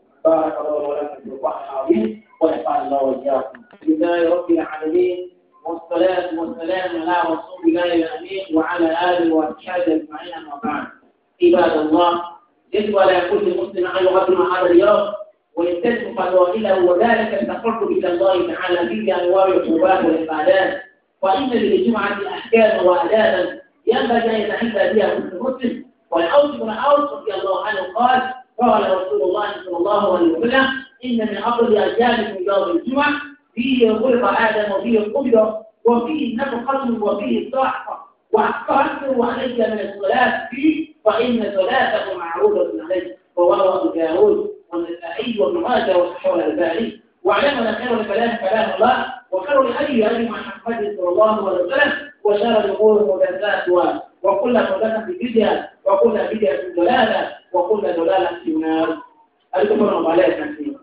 بارك الله لكم في القرآن العظيم ونفعل الله وإياكم لله رب العالمين والصلاة والسلام على رسول الله الأمين وعلى آله وأصحابه أجمعين أما بعد عباد الله يجب على كل مسلم أن يقدم هذا اليوم ويستجب فضائله وذلك التقرب إلى الله تعالى في أنواع العقوبات والعبادات وإن للجمعة أحكاما وآدابا ينبغي أن يتحدى بها كل مسلم والأوس بن رضي الله عنه قال قال رسول الله صلى الله عليه وسلم إن من أفضل أجيالكم دار الجمع فيه خلق آدم وفيه قدرة وفيه نفقة وفيه صحة وأحصروا وعليك من الصلاة فيه فإن صلاتكم معروضة عليك رواه أبو داود والنسائي وابن ماجه الباري الألباني خير الكلام كلام الله وخير الهدي هدي محمد صلى الله عليه وسلم وشر الأمور محدثاتها وكل محدثة بدعة وكل بدعة ضلالة وكل دلالة في النار ألتم رحمة الله يسنسي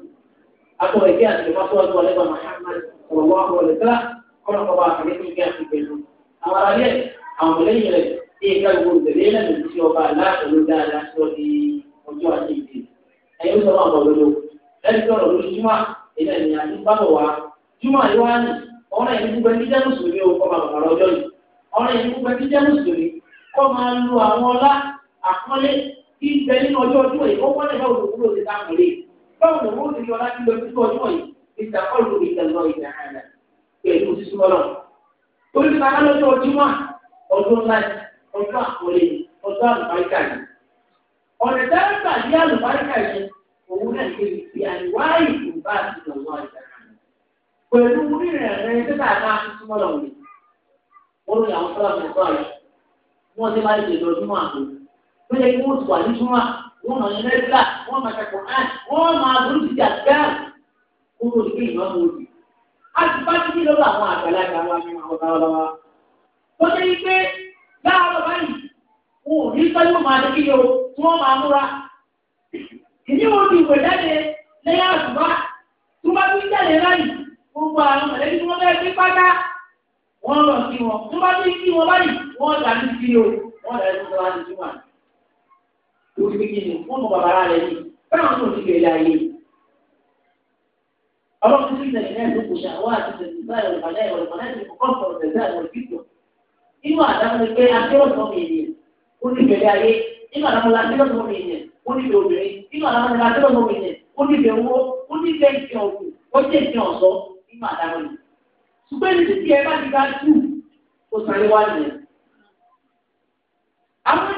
أتو إجاز لما سوى ولد محمد صلى الله عليه وسلم قال قبا حديث إجاز في بينهم أما عليه أو مليه إيه كالبور دليلا من سيوبا لا تلودا لا سوى وجوه سيدي أيها الله بولو لن ترى الجمعة إلى أن يأتي بابوا جمعة يواني ọ̀rọ̀ yẹn gbogbo ẹni jẹ́ mùsùlùmí o kọ́ máa bàbá lọ́jọ́ yìí ọ̀rọ̀ yẹn gbogbo ẹni jẹ́ kí n nínú ọjọ́ ọjọ́ yìí ó wọlé báwo lòun ló ti bá kúrè báwo lòun ó ti yọ láti lọ sí ọjọ́ yìí ìtàkọ́lù ìtẹ̀lọ́ ìdáhàlà pẹ̀lú sísúmọ́ torí ti bàbá lọ́jọ́ ojúmọ́ ọdún ńlá àkọlé àlùbáríkà yìí. ní àlùbáríkà yìí òun náà ṣe lè fi ìlú bá pẹ̀lú ó yẹ kí wọ́n sọ àdìsúnmá wọ́n máa yẹn lẹ́gbà wọ́n máa ṣàkóso náà wọ́n máa burú ti dàgbà kó o lè gbé ìmọ̀ mọ́ òbí. a ti bá ti nílò àwọn àgbàlagbà wa ní àwọn ọ̀gáwọ́lọ́wọ́. tó dé wípé láàárọ̀ báyìí wọn ò ní sọ́yún máa dé kíyọ tí wọ́n máa múra. ìdí wo ti wẹ̀ jáde lẹ́yìn àtúbá tó bá tún jáde báyìí gbogbo àwọn mọ̀lẹ́bí tí wọ́n fẹ́ gbé pátá wọ́n lọ sí wọn tó bá tún sí wọn báyìí lórí méjì ni wọn mọ bàbá rẹ ni báwọn tó ti gbèrè láàyè. ọlọ́run ti sẹ̀lẹ̀ náà ló kò ṣe àwọn àti tẹ̀sí báyọ̀ ìpàdé ìwọ̀n ìpàdé ìwọ̀n kọ́ sọ̀rọ̀ tẹ̀sí àwọn ìfìtò. inú àdámọ́ ni pé akéròsọ mi ènìyàn ó ti gbèrè ayé inú àdámọ́ ni akéròsọ mi ènìyàn ó ti gbèrè obìnrin inú àdámọ́ ni akéròsọ mi ènìyàn ó ti gbèrè owó ó ti gbèrè ìfẹ́ ọ̀gùn ó ti gbèrè ọ̀sọ́ inú àdámọ́ ni.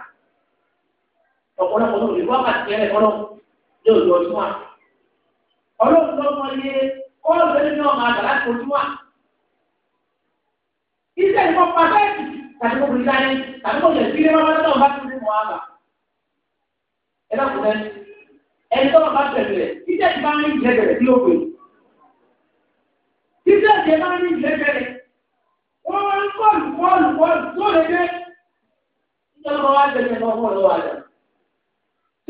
ọ̀pọ̀lọpọ̀ tó lè wákà tiẹ̀ rẹ̀ kọ́lọ́ yóò lọ sí wa. ọlọ́run tó mọ iye kọ́lọ́ lórí náà máa dà láti ojú wa. iṣẹ́ ìfọ̀ pàtẹ́ẹ̀tì tàbí kò rí láyé tàbí kò lè fi lé wọn lọ́dọ̀ bá ti rí wọn àgbà. ẹ dákun ẹ ẹni tó bá tẹ̀lé rẹ̀ iṣẹ́ ìfọ̀ máa ń rí ìjẹ́ bẹ̀rẹ̀ sí òkè. iṣẹ́ ìfọ̀ máa ń rí ìjẹ́ bẹ̀rẹ̀ wọ́n máa ń kọ́ olùkọ́ olùkọ́ tó lè dé. ìjọba wa tẹ̀lé ọmọ ọlọ́wọ́ àjà.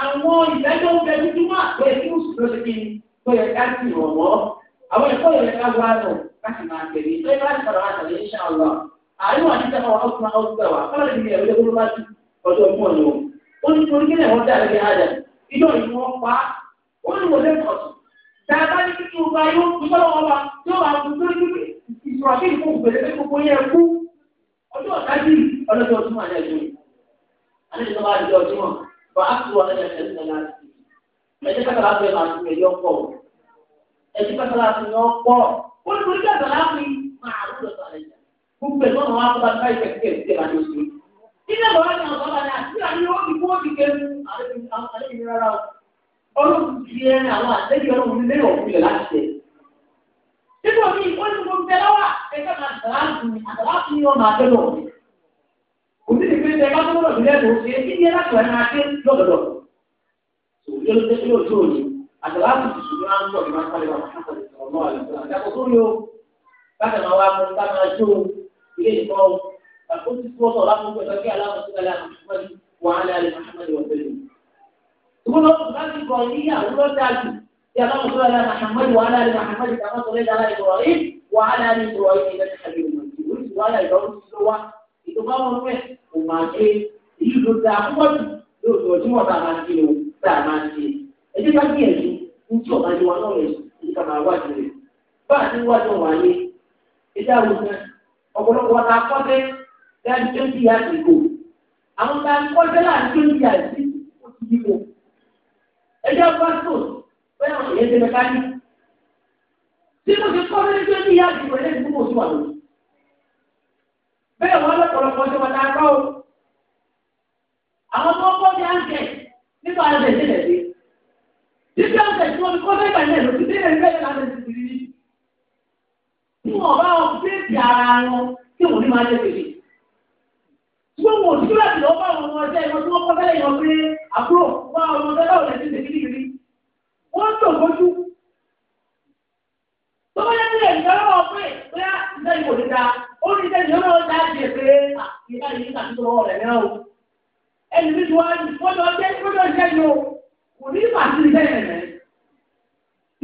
àwọn ìdájọ́ oúnjẹ tuntun wà tó yẹ kí mùsùlùmí ló ṣe kí ni tó yẹ ká sì rọ̀ wọ́ àwọn ẹ̀kọ́ yẹ ká wá lọ láti máa tẹ̀lé tó yẹ ká sì padà máa tẹ̀lé iṣẹ́ ọ̀la àárín wà níta wọn ọ̀sùn ọ̀sùn wa fọlọ́ọ̀dì ni ẹ̀rọ ló bá ti ọjọ́ fún ọ̀nà o ó ní torí kí lẹ́wọ̀n dà lórí àjà ìjọ ìlú wọn pa ó ní wọlé kọ̀ọ̀tù dáadáa ní kíkí ọba yóò fi tọ́lọ́ wọn wa yóò wà fún torí pípé ìṣòro àkéyìn fún òkùnkùn ẹgbẹ́ gbogbo yẹ kú ọjọ́ ọ̀dájú ọlọ́jọ́ ọdún فعكس ولا يحتمل ẹtí pátá láti máa ti ẹyọ pọ ẹtí pátá láti yọ pọ wọn kò ní àgbà láti máa àrùn lọsọ àlẹ jà gbogbo ẹgbẹ́ wọn wọn bá ká ìfẹ́ kíkẹ ìfẹ́ máa ní oṣù nígbà tó wọn ní ọgbà wọn náà nígbà tí wọn ti kó ti ké alẹ́ mi rárá o ọlọ́run ti yẹ ẹni àwọn àtẹ́jú ọlọ́run ní lẹ́yìn òkú ilẹ̀ láti tẹ̀. nígbà tí wọn ti o ti kó ti tẹ lọ́wọ́ ẹgbẹ́ máa àgbà láti àgbà láti yọ máa tẹ́lọ̀ ọ̀rẹ́ òbí ti fi tẹ̀ka tó lọ́dún lẹ́nu ṣe kí ni ẹlẹ́tọ̀ ẹ̀ máa dé lọ́dọ̀dọ̀. Òjò ló tẹ́tí lójú òní, àtàlá ti ti sùn náà ń bọ̀ ìmọ̀ àpàlẹ̀ wà fún àpàlẹ̀ ọ̀nà àlùfáà. Àjàkó tó yọ báyìí máa wá fún bá máa jó ilé ìkọ́ àkókò tí wọ́n sọ̀rọ̀ láti gbẹ̀gbẹ̀ kí aláwọ̀ sí alẹ́ àmọ̀tí wọ́n alẹ́ alẹ́ Muhammadu wọ̀ pẹ̀lú. Ìgbọ́n láti kọ̀ níyàwó lọ́dà jù kí aláwọ̀ sí alẹ́ Muhammadu wọ́n alẹ́ alẹ́ Muhammadu kàmá sọ̀rọ̀ ilé alẹ́ ìbọ̀rọ̀ yìí wọ́n alẹ́ alẹ́ ìbọ̀rọ̀ yìí ní ẹ̀ka ìbọ̀rọ̀ yìí. Oríṣiríṣi wàhálà ìbọ̀rọ̀ ìtọ́gbà wọn fẹ́ kò máa ṣe èyí ló da púpọ̀ jù lóòótọ́ tí wọ́n ta máa ṣe o tá a máa ṣe ẹ jẹ́ ká gbìyànjú ní tí ọ̀gá ni wọn náà rẹ̀ ní ká máa wájú rẹ̀ bá a ti ń wájú wọn ayé ẹjẹ́ àwọn ọ̀gá ọ̀pọ̀lọpọ̀ wọn ta kọ́tẹ́ láti tó ti yá ìgò àwọn ta kọ́tẹ́ láti tó ti yá ìdí ti di kò ẹjẹ́ pásítọ̀ fẹ́ràn ìyẹn ti tí mo ti kọ́ bẹ́ẹ̀ wọ́n lọ́pọ̀lọpọ̀ ṣe wọ́n dáa o. àwọn tó ń kọ́ ní àǹkẹ́ nípa àǹkẹ́ sílẹ̀ sí. títí àǹkẹ́ tí wọ́n kọ́ bẹ́ẹ̀ bẹ̀rẹ̀ lọ sí sílẹ̀ bẹ́ẹ̀ láti ti ti rí. tí wọ́n bá wọn fi ti ara wọn tí wọ́n ní máa lé pèlè. ṣùgbọ́n wọn ò sí láti lọ bá àwọn ọmọ ọjọ́ ìwọ tí wọ́n kọ́ bẹ́ẹ̀ yọ pé àbúrò wá ọmọ ọjọ́ báwo lẹ́sìn ṣe kíkiri. wọ́n ń tò fojú. tó bá yẹ ó ní sẹ́yìn yóò lọ jáde pé ìgbà yìí nígbà tó lọ́wọ́ rẹ̀ náà o ẹni bí wọ́n wọ́n lọ jẹ́ kó lọ jẹ́ yìí o kò ní ìgbà sí sẹ́yìn rẹ̀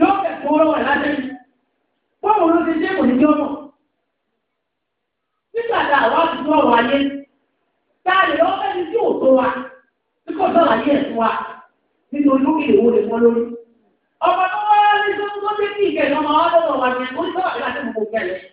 yóò fẹ̀ tó lọ́wọ́ rẹ̀ lájẹ́ yìí bọ́ọ̀lù ló ti jẹ́ kò ní yọ̀nà nígbà tá àwa ti tó ọ̀rọ̀ ayé táàlì lọ́wọ́ ẹni tí ò tó wa tí kò sọ̀rọ̀ ayé ẹ̀ fún wa nítorí ó kìlè wo lè fọ́ lórí ọmọ tó wáyé ní tó tó dé kí ìkẹyìn ọmọ wa lọ́wọ́ wa ni ó ní sọ̀rọ̀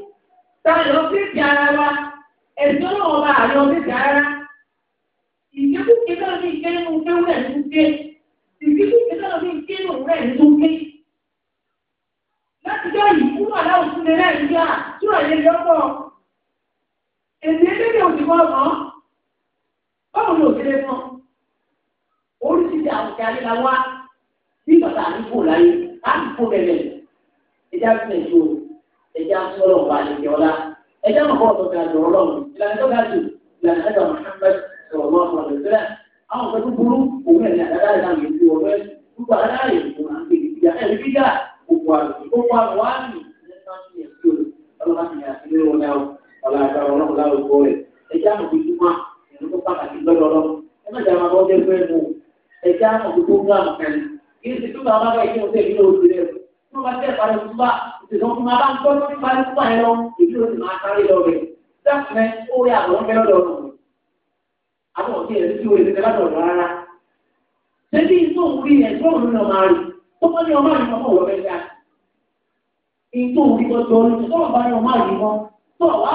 táwọn èèyàn fi ti ara wa ẹ̀sìn ọlọ́wọ́ bá àyọ̀ fi ti ara ìdíkù kíkọ́ ní ìkéwù kéwù rẹ̀ ló ń ké ìdíkù kíkọ́ ní ìkéwù rẹ̀ ló ń ké láti jọ ìkú wà láwùjọ ní nàìjíríà tí wọ́n yẹ lọ́pọ̀ èdè ẹlẹ́dẹ̀ òdìbò ọ̀nà báwo ni òkèlè mọ́ oríṣiríṣi àwùjọ alẹ́ la wá bí bàtà àdúgbò láyé àdúgbò bẹ̀rẹ̀ ìjà bẹ̀rẹ̀ yóò ẹjẹ asọlọ ọba àlejò ọlá ẹjẹ mọkọ ọtọ ga jọ Ọlọ́run ìlànà tó ga jù ìlànà ẹgbà Muhammad sọ̀rọ̀ lọ sọ̀rọ̀ lẹsẹrẹ àwọn ọgbẹ búburú òun ẹni àdáda ìlànà ètò ọgbẹ gbogbo àdáda ètò à ń pè ìjà ẹni gíga òkú àlùkò gbogbo àlù wà ní ẹgbẹ́ tí ẹ fi ọlọ láti yà sí lérò náà ọlọ àgbà Ọlọ́run láwù kọ rẹ ẹjẹ àwọn òbí tó máa ẹni tó pàtàkì lọ́dọ̀ lọ ẹ má jà máa bọ́ tí wọ́n bá tẹ̀ parí òtúbà ìṣèlú ọkùnrin máa bá ń tọ́jú nípa nípa ẹ̀ lọ ìdí òsì máa sáré lọ rẹ̀ dákùnrin ó rí àwọn ọmọ ẹlọ́dọ̀ ọkùnrin àwọn òkè rẹ̀ tí wọ́n èdè lọ́dọ̀ ọ̀dọ̀ rárá. Ṣébí ìtò òkúri yẹn tó òun lọ máa rí tó bá ní ọmọ àyìnbọn fún ọ̀rọ̀ mẹ́ta. Ìtò òkúri tó jọ orí tó bá ní ọmọ àyìnbọn tó wà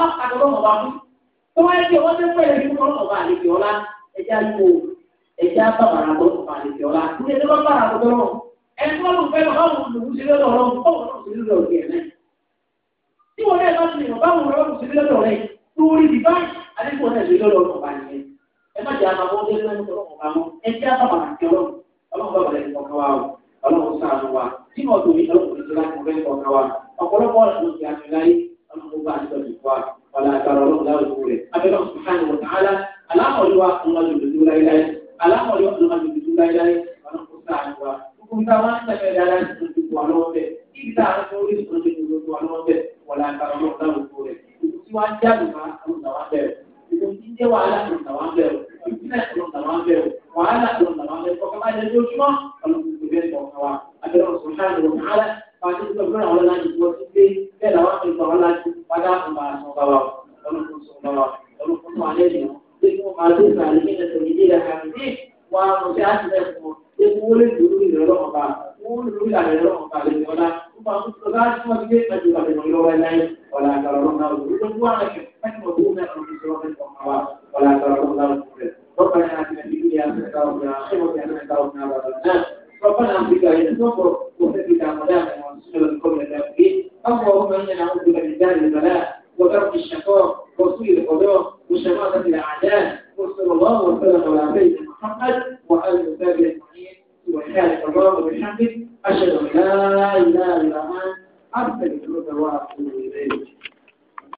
á kàdọ́rọ̀ kọ́lù fẹ́ lọ báwọn olùkú ṣe lọ́dọ̀ ọlọ́run báwọn olùkú ṣe lọ́dọ̀ òkè ẹ̀ náà. tí wọ́n náà bá ti lè mọ̀ báwọn olùkú ṣe lọ́dọ̀ rẹ̀ lórí ìdìbá àdéhùn náà ṣe lọ́dọ̀ ọkọ̀ bá nìyẹn. ẹ má jẹ́ àbáwọ́ ọdún lẹ́nu ọlọ́run bá wọn ẹ jẹ́ àbáwọ̀ àti ọlọ́run ọlọ́run bá wọlé nǹkan wá o ọlọ́run sáànù wa tí wọ́n tó ní ọlọ́run tó láti fẹ́ nǹkan wá ọ̀pọ̀lọpọ̀ ọ̀sán ti àmì láyé ọlọ́run tó bá àti ọ̀sán ìfọ́ wa ọ̀là àgbàrá ọlọ́run láwùjọ rẹ̀ abẹ́rẹ́ ọ̀sán sáànù wọn tààlà alámọ̀lúwa ọ̀nà jòjòdú láyé láyé alámọ̀lúwa ọ̀nà jòjòdú láyé láyé ọlọ́run tó sáànù wa gbogbo nǹkan wọn ń tẹ̀lé dáadáa ní ìtọ́jú ìwà lọ́wọ́ bẹ́ẹ̀ kí ìta àwọn orí ìtọ́jú ìwà lọ́wọ́ bẹ́ẹ̀ wọ̀lá àtàwọn ọ̀gá òkú rẹ̀ ìlú tí wọ́n jáde wá àwọn ìtàwọn bẹ̀rẹ̀ ìlú tí jẹ́ wàhálà àwọn ìtàwọn bẹ̀rẹ̀ ìpínlẹ̀ àwọn ìtàwọn bẹ̀rẹ̀ wàhálà àwọn ìtàwọn bẹ̀rẹ̀ kọ́kọ́ máa jẹ́ lójúmọ́ ọ̀nà tuntun bẹ́ẹ̀ kọ̀ọ̀kan wa abẹ́rẹ́ ọ̀sán ṣáà lọ wàhálà pàṣẹ tó gbọ́dọ̀ àwọn láti wọ́n ti gbé bẹ́ẹ̀ làwọn ti gbọ́ wọn láti padà ọmọ àtọ̀ bá wa ọ̀nà tó sọ bá wa ọ̀nà tó sọ alẹ́ nìyẹn lójúmọ́ máa lóṣù àlẹ́ ewu wọlé dúró ìrọ̀lọ́ ọba wọ́n lù ìlànà ìrọ̀lọ́ ọba lè ní ọ̀la nípa ọba tí wọ́n ti gbé ẹ̀jú ìlànà ìrọ̀lọ́ lọ́wọ́ ẹ̀ láyé ọ̀la àgbàrọ̀ lọ́wọ́ náà lórí ló wà lẹ́kẹ̀ láti mọ̀ bóun náà lórí ìṣòro ọ̀fẹ́ ọ̀ma wa ọ̀la àgbàrọ̀ lọ́wọ́ náà lórí rẹ̀ lọ́kàn yẹn àti nàìjíríà àti ọ̀gbìn àṣẹ ọ̀gbìn àti ọ̀gbìn àbàdàn ربنا بك يتوفر وفقك مولانا ورسول القول الكافرين اللهم انا نعوذ بك من دار البلاء وكرب الشقاء وسوء القضاء وشماتة الاعداء وصلى الله وسلم على سيدنا محمد وآل الباب المعين وحياك الله وبحمدك أشهد أن لا إله إلا أنت أستغفرك وأتوب إليك